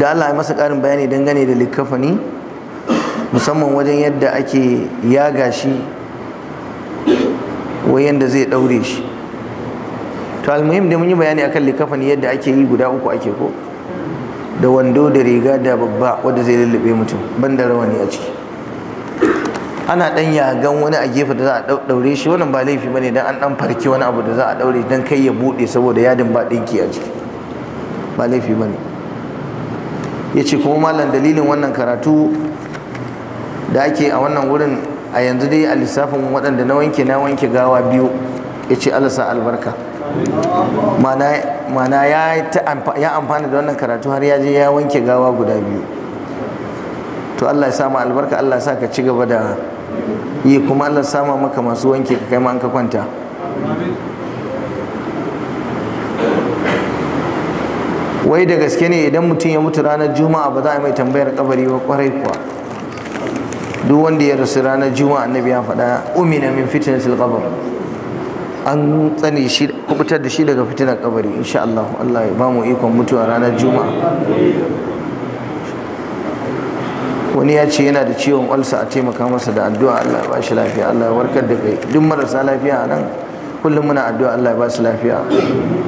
da Allah ya masa ƙarin bayani dangane da likafani musamman wajen yadda ake yaga shi wayan da zai ɗaure shi to almuhim da mun yi bayani akan likafani yadda ake yi guda uku ake ko da wando da riga da babba wanda zai lullube mutum banda rawani a ciki ana ɗan yagan wani a gefe da za a ɗaure shi wannan ba laifi bane dan an ɗan farki wani abu da za a ɗaure dan kai ya buɗe saboda yadin ba ɗinki a ciki ba laifi ba ne ya ce kuma malam dalilin wannan karatu da ake a wannan wurin a yanzu dai a lissafin waɗanda na wanke na wanke gawa biyu ya ce alasa albarka mana ya amfana da wannan karatu har ya je ya wanke gawa guda biyu to allah ya sama albarka allah ya sa ka ci gaba da yi kuma allah sama maka masu wanke ka kai ma an ka kwanta wai da gaske ne idan mutum ya mutu ranar juma'a ba za a mai tambayar kabari ba kwarai kuwa duk wanda ya rasu ranar juma'a annabi ya faɗa umina min fitnatil qabr an tsane shi kubutar da shi daga fitinar kabari insha Allah Allah ya mu ikon mutuwa ranar juma'a wani ya ce yana da ciwon ulsa a taimaka masa da addu'a Allah ya ba shi lafiya Allah ya warkar da kai duk marasa lafiya a nan kullum muna addu'a Allah ya ba su lafiya